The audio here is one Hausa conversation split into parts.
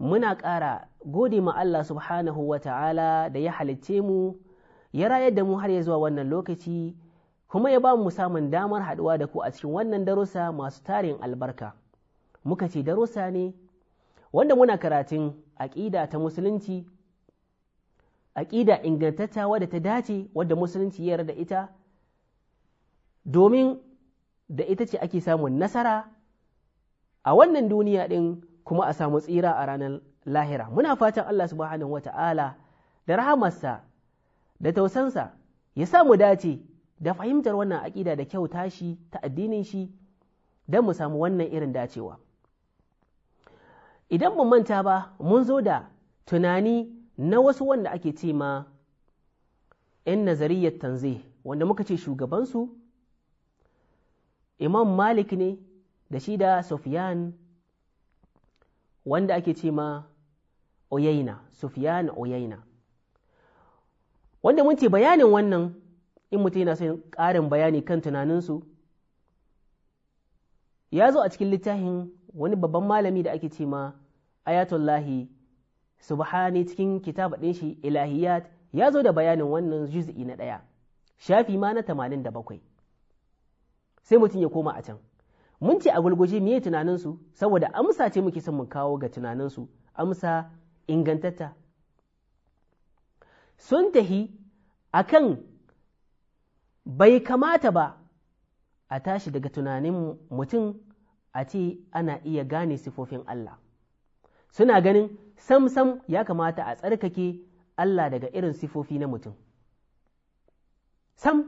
muna ƙara gode ma Allah subhanahu wa ta'ala da ya halicce mu ya rayar da mu har ya zuwa wannan lokaci kuma ya ba mu samun damar haɗuwa da ku a cikin wannan darussa masu tarin albarka muka ce darussa ne wanda muna karatun aƙida ta musulunci aƙida ingantacca wadda ta dace wadda musulunci ya da ita domin da ita ce ake samun nasara a wannan duniya ɗin kuma a samu tsira a ranar lahira muna fatan Allah subhanahu wata'ala da rahamarsa da tausansa ya mu dace da fahimtar wannan aƙida da kyau, tashi, ta addinin shi don mu samu wannan irin dacewa idan mun manta ba mun zo da tunani na wasu wanda ake ce ma 'yan nazariyar tanzih wanda muka ce shugabansu imam malik ne da shi da sufyan wanda ake ce ma Oyaina, sufiyan Oyaina. Wanda mun ce bayanin wannan in mutum yana son ƙarin bayani kan tunaninsu, ya zo a cikin littafin wani babban malami da ake ce ma Ayatullahi Subhani cikin kitab ɗin shi Ilahiyat ya zo da bayanin wannan juz'i na ɗaya, shafi ma na 87. Sai mutum ya koma a can. mun ce a me tunanin tunaninsu saboda amsa ce muke son mu kawo ga tunaninsu amsa ingantatta sun tahi akan bai kamata ba a tashi daga tunanin mutum a ce ana iya gane sifofin Allah suna ganin sam-sam ya kamata a tsarkake Allah daga irin sifofi na mutum sam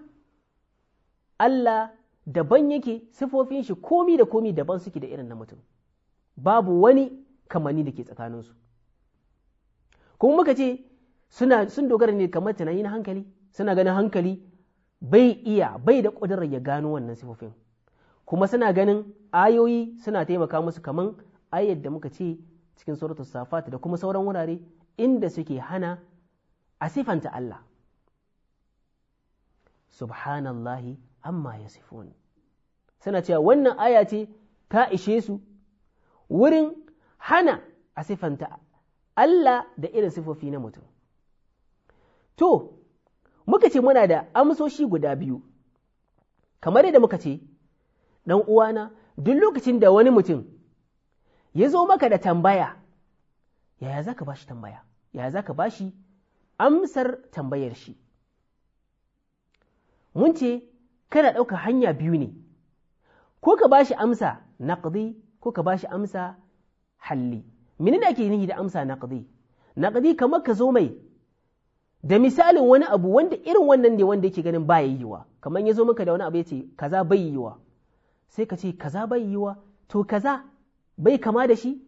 Allah daban yake sifofin shi komi da komi daban suke da irin na mutum babu wani kamani da ke tsakaninsu kuma muka ce sun dogara ne kamar tunani na hankali suna ganin hankali bai iya bai da ƙudurar ya gano wannan sifofin kuma suna ganin ayoyi suna taimaka musu kamar ayyar da muka ce cikin suratul safat da kuma sauran wurare inda suke hana a sifanta Allah subhanallahi amma ya sifon suna cewa wannan aya ce ta ishe su wurin hana a sifanta Allah da irin sifofi na mutum to muka ce muna da amsoshi guda biyu kamar yadda muka ce ɗan uwana duk lokacin da wani mutum ya zo maka da tambaya yaya za ka ba shi tambaya yaya za ka ba shi amsar tambayar shi mun ce kana ɗauka hanya biyu ne ko ka ba shi amsa naqdi ko ka ba shi amsa halli menene ake nihi da amsa Na naqdi kamar ka zo mai da misalin wani abu wanda irin wannan ne wanda yake ganin baya yiwa kamar ya zo maka da wani abu ya ce kaza bai yiwa sai ka ce kaza bai yiwa to kaza bai kama da shi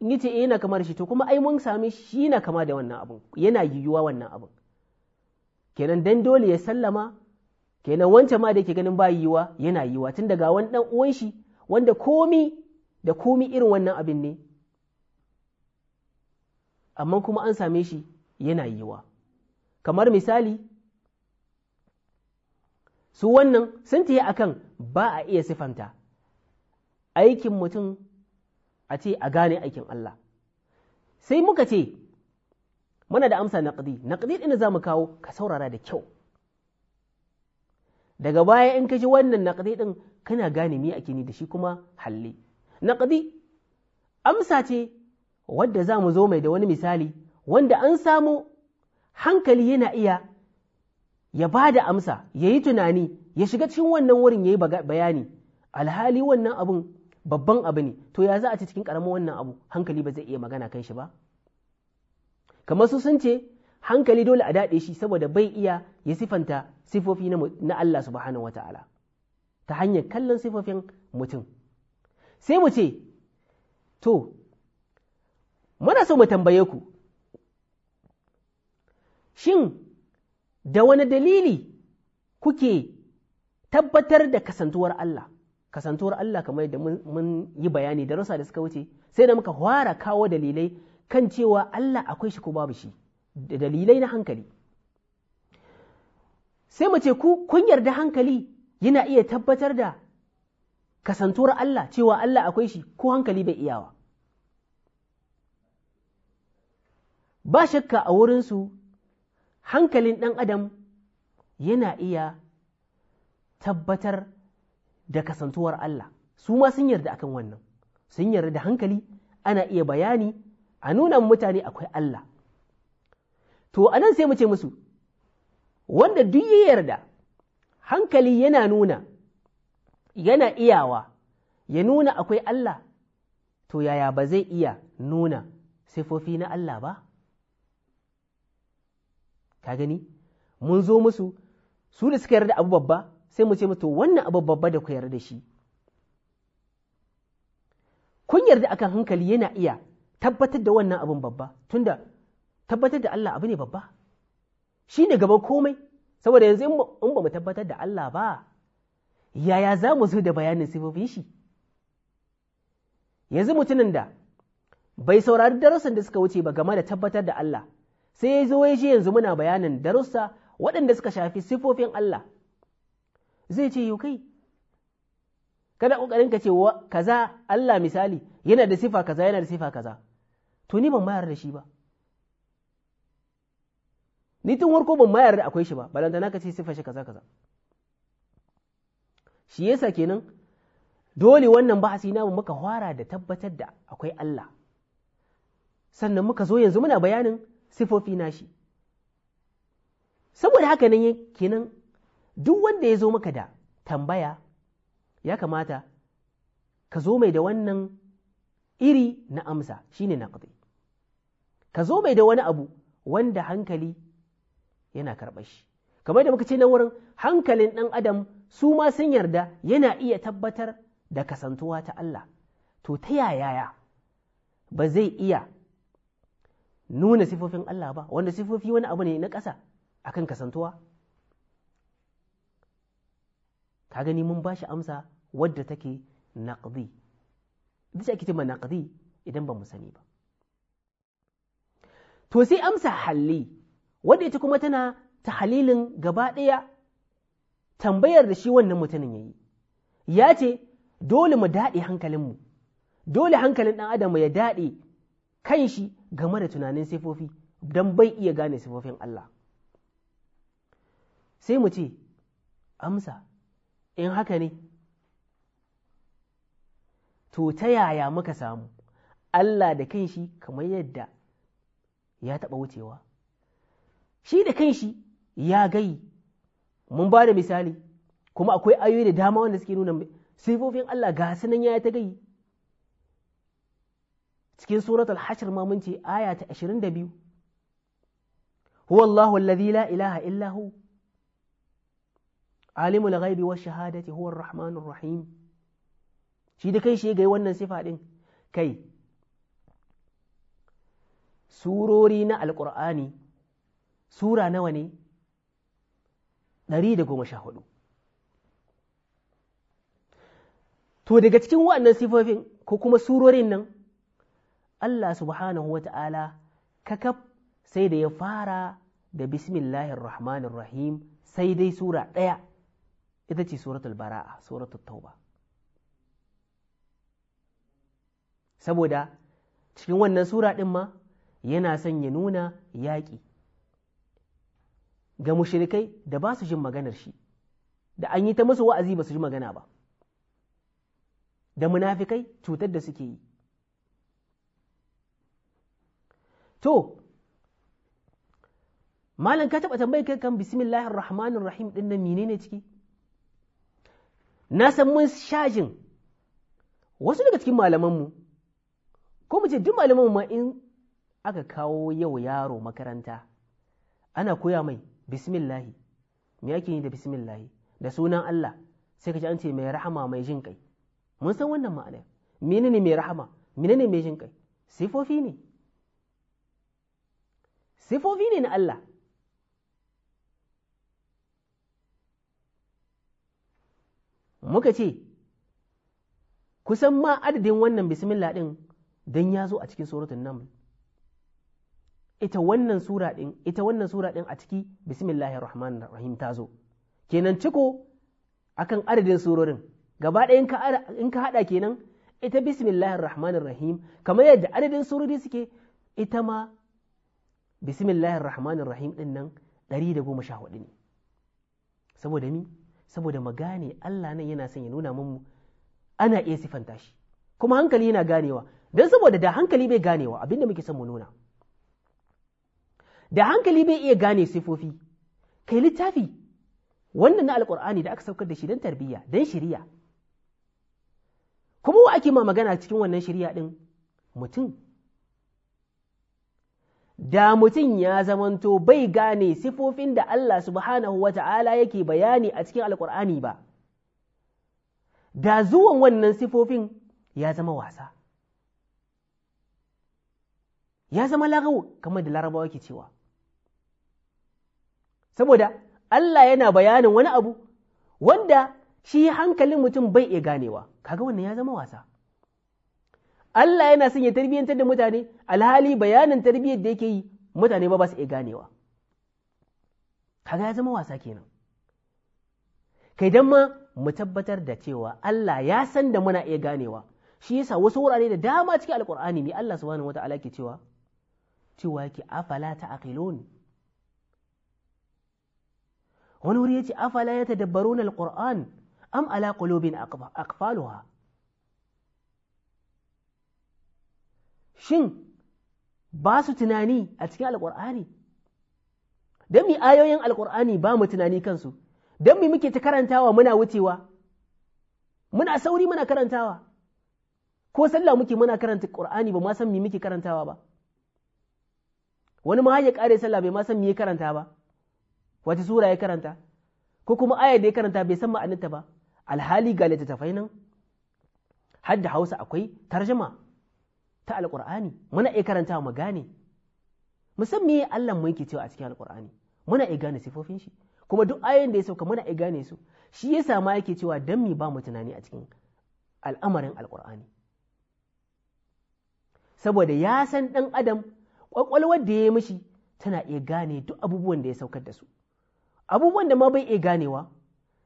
in ce eh yana kama da shi to kuma ai mun sami shi yana kama da wannan abun yana yiwuwa wannan abun kenan dan dole ya sallama kenan wancan ma da yake ganin ba yiwa yana yiwa tun daga wani ɗan uwan shi wanda komi da komi irin wannan abin ne amma kuma an same shi yana yiwa kamar misali su wannan sun tiye akan ba a iya sifanta aikin mutum a ce a gane aikin Allah sai muka ce muna da amsa naqdi naqdi ɗin da za mu kawo ka saurara da kyau daga baya in ka ji wannan naƙadi ɗin kana gane me ake ni da shi kuma halli naƙadi amsa ce wadda za mu zo mai da wani misali wanda an samu hankali yana iya ya ba da amsa ya yi tunani ya shiga cikin wannan wurin ya yi bayani alhali wannan abun babban abu ne to ya za a ci cikin ƙaramin wannan abu hankali ba zai iya magana kan shi ba kamar su sun ce hankali dole a daɗe shi saboda bai iya ya sifanta sifofi na Allah subhanahu wata'ala ta hanyar kallon sifofin mutum sai mu ce to mana so mu tambaye ku shin da wani dalili kuke tabbatar da kasantuwar Allah kasantuwar Allah kamar da mun yi bayani da darussa da suka wuce sai da muka hwara kawo dalilai kan cewa Allah akwai shi ko babu shi da dalilai na hankali sai mace ku kun yarda hankali yana iya tabbatar da kasantuwar Allah cewa Allah akwai shi ko hankali bai iyawa ba shakka a wurinsu hankalin ɗan adam yana iya tabbatar da kasantuwar Allah su ma sun yarda akan wannan sun yarda da hankali ana iya bayani a nuna mutane akwai Allah to a nan sai mu ce musu wanda duk ya yarda hankali yana nuna yana iyawa ya nuna akwai Allah to yaya ba zai iya nuna sifofi na Allah ba ka gani mun zo musu su da suka yarda abu babba sai mu ce musu wannan abu babba da ku yarda shi kun yarda akan hankali yana iya tabbatar da wannan abin babba tunda tabbatar da Allah abu ne babba shi ne gaban komai saboda yanzu in ba mu tabbatar da Allah ba yaya za mu zo da bayanin sifofin shi yanzu mutumin da bai saurari darussan da suka wuce ba game da tabbatar da Allah sai ya zo ya yanzu muna bayanin darussa waɗanda suka shafi sifofin Allah zai ce yau kai kada ƙoƙarin ka ce kaza Allah misali yana da sifa kaza yana da sifa kaza to ni ban mayar da shi ba ni tun warko ban mayar da akwai shi ba balanta na ce sifa shi kaza kaza shi yasa kenan dole wannan bahasi namu muka fara da tabbatar da akwai Allah sannan muka zo yanzu muna bayanin sifofi nashi saboda haka nan kenan duk wanda ya zo maka da tambaya ya kamata ka zo mai da wannan iri na amsa shine naqdi ka zo mai da wani abu wanda hankali yana karɓar shi kamar da muka ce na wurin hankalin ɗan adam su ma sun yarda yana iya tabbatar da kasantuwa ta Allah to ta yaya ba zai iya nuna sifofin Allah ba wanda sifofi wani abu ne na ƙasa akan kasantuwa ka gani mun ba shi amsa wadda take naqdi duk ake cewa naqdi idan ba mu sani ba to sai amsa halli wadda ita kuma tana ta halilin gaba ɗaya tambayar da shi wannan mutumin ya yi ya ce dole mu daɗe hankalinmu dole hankalin ɗan adam ya daɗe kan shi game da tunanin sifofi don bai iya gane sifofin Allah sai mu ce amsa in haka ne to ta yaya muka samu Allah da kanshi kamar yadda ya taɓa wucewa shi da kanshi ya gai mun ba da misali kuma akwai ayoyi da dama wanda suke nuna sifofin Allah ga sunan ya ta gai cikin surat al-hashr ma mun ce aya ta 22 huwa Allahu alladhi la ilaha illa hu alimul ghaibi wash shahadati huwa ar-rahmanur rahim shi da kanshi ya gai wannan sifa din kai surori na alqur'ani sura nawa ne da goma sha hudu. to daga cikin waɗannan sifofin ko kuma surorin nan Allah subhanahu wa ta'ala kakaf sai da ya fara da bismillahir rahmanir rahim sai dai sura ɗaya ita ce suratul bara'a suratul tauba saboda cikin wannan sura ɗin ma yana son ya nuna yaƙi ga mushrikai da ba su jin maganar shi da an yi ta musu wa'azi ba su ji magana ba da munafikai cutar da suke yi to malam ka taɓa tambayi kai kan bismillahir rahmanir rahim ɗin nan menene ciki na san mun shajin wasu daga cikin malamanmu ko mu ce duk malamanmu ma in aka kawo yau yaro makaranta ana koya mai bismillahi me yake yi da bismillahi da sunan Allah sai ka ji an ce mai rahama mai jin kai mun san wannan ma'ana menene mai rahama menene mai jin kai sifofi ne sifofi ne na Allah muka ce kusan ma adadin wannan bismillah din don ya zo a cikin suratul naml ita wannan sura ɗin ita wannan sura din a ciki bismillahir rahmanir rahim ta zo kenan ciko akan adadin surorin gaba ɗaya in ka haɗa kenan ita bismillahir rahmanir rahim kamar yadda adadin surori suke ita ma bismillahir rahmanir rahim ɗin nan 114 ne saboda mi saboda magane Allah nan yana son ya nuna mun ana iya sifanta shi kuma hankali yana ganewa Dan saboda da hankali bai ganewa abinda muke son mu nuna da hankali bai iya gane sifofi kai littafi wannan na alkur'ani da aka saukar da shi don tarbiyya don shirya. kuma wa ake ma magana cikin wannan shirya din mutum da mutum ya zamanto bai gane sifofin da Allah subhanahu wa ta'ala yake bayani a cikin alkur'ani ba da zuwan wannan sifofin ya zama wasa ya zama lagawo kamar da larabawa ke cewa saboda Allah yana bayanin wani abu wanda shi hankalin mutum bai iya ganewa kaga wannan ya zama wasa Allah yana son ya tarbiyyantar da mutane alhali bayanin tarbiyyar da yake yi mutane ba su iya ganewa kaga ya zama wasa kenan kai dan ma mu tabbatar da cewa Allah ya san da muna iya ganewa shi yasa wasu wurare da dama cikin alkur'ani ne Allah subhanahu wataala ke cewa cewa yake afala ta wani wuri yace afala na alquran am ala qulubin akfaluwa shin ba su tunani a cikin Alƙur'ani? Don mi ayoyin Alƙur'ani ba mu tunani kansu don mi muke ta karantawa muna wucewa muna sauri muna karantawa ko sallah muke muna karanta ƙur'ani ba ma san mi muke karantawa ba wani ma ya ƙare sallah bai ma san mi ya karanta ba wata sura ya karanta ko kuma aya da ya karanta bai san ma'aninta ba alhali ga littattafai nan hadda hausa akwai tarjama ta alƙur'ani muna iya karanta mu gane musamman ya Allah mu yake cewa a cikin alƙur'ani muna iya gane sifofin shi kuma duk ayoyin da ya sauka muna iya gane su shi yasa ma yake cewa dan mi ba mu tunani a cikin al'amarin alƙur'ani saboda ya san ɗan adam ƙwaƙwalwar da ya yi mishi tana iya gane duk abubuwan da ya saukar da su abubuwan da ma bai iya ganewa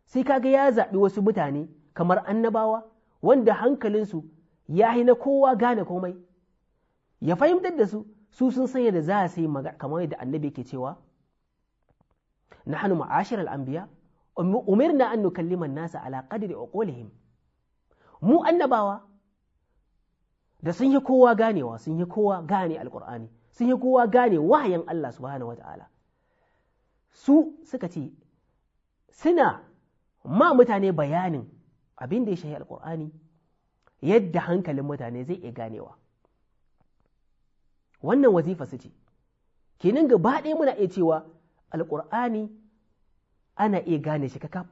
sai kaga ya zaɓi wasu mutane kamar annabawa wanda hankalinsu ya yi na kowa gane komai ya fahimtar da su su sun san yadda za su yi kamar yadda annabi ke cewa nahnu ma'ashir al-anbiya um-, umirna na nukallima nasa ala qadri uqulihim mu annabawa da sun yi kowa ganewa sun yi kowa gane alqur'ani sun yi kowa gane wahayin Allah subhanahu wata'ala su suka ce suna ma mutane bayanin abin da ya shahi alkur'ani yadda hankalin mutane zai iya ganewa wannan wazifa su ce kenan gaba ɗaya muna iya cewa Alƙur'ani ana iya gane shi kakaf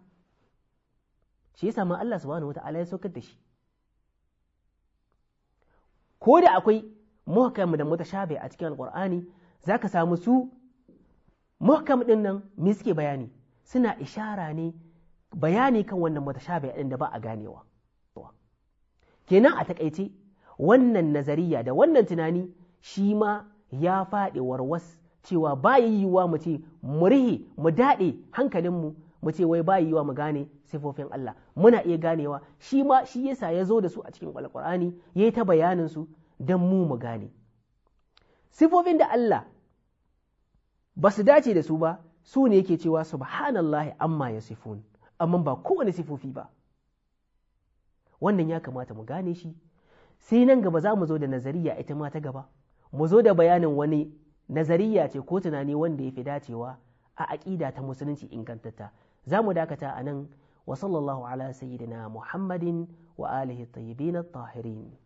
shi yasa ma Allah subhanahu wata'ala ya saukar da shi ko da akwai muhkam da mutashabi a cikin alkur'ani ka samu su muhkam ɗin nan me suke bayani suna ishara ne bayani kan wannan mutashabi din da ba a ganewa kenan a takaice wannan nazariya da wannan tunani shi ma ya faɗi warwas cewa ba yiwuwa mu ce mu rihe mu daɗe hankalinmu mu ce wai ba yiwuwa mu gane sifofin Allah muna iya ganewa shi ma shi yasa ya zo da su a cikin alkur'ani ya yi ta bayanin su don mu mu gane sifofin da Allah ba su dace da su ba su ne yake cewa subhanallahi amma ya sifun amma ba kowane sifofi ba wannan ya kamata mu gane shi sai nan gaba za mu zo da nazariya ita ma ta gaba mu zo da bayanin wani nazariya ce ko tunani wanda ya fi dacewa a aƙida ta musulunci ingantatta za mu dakata a nan wa sallallahu ala sayyidina muhammadin wa alihi tayyibin tahirin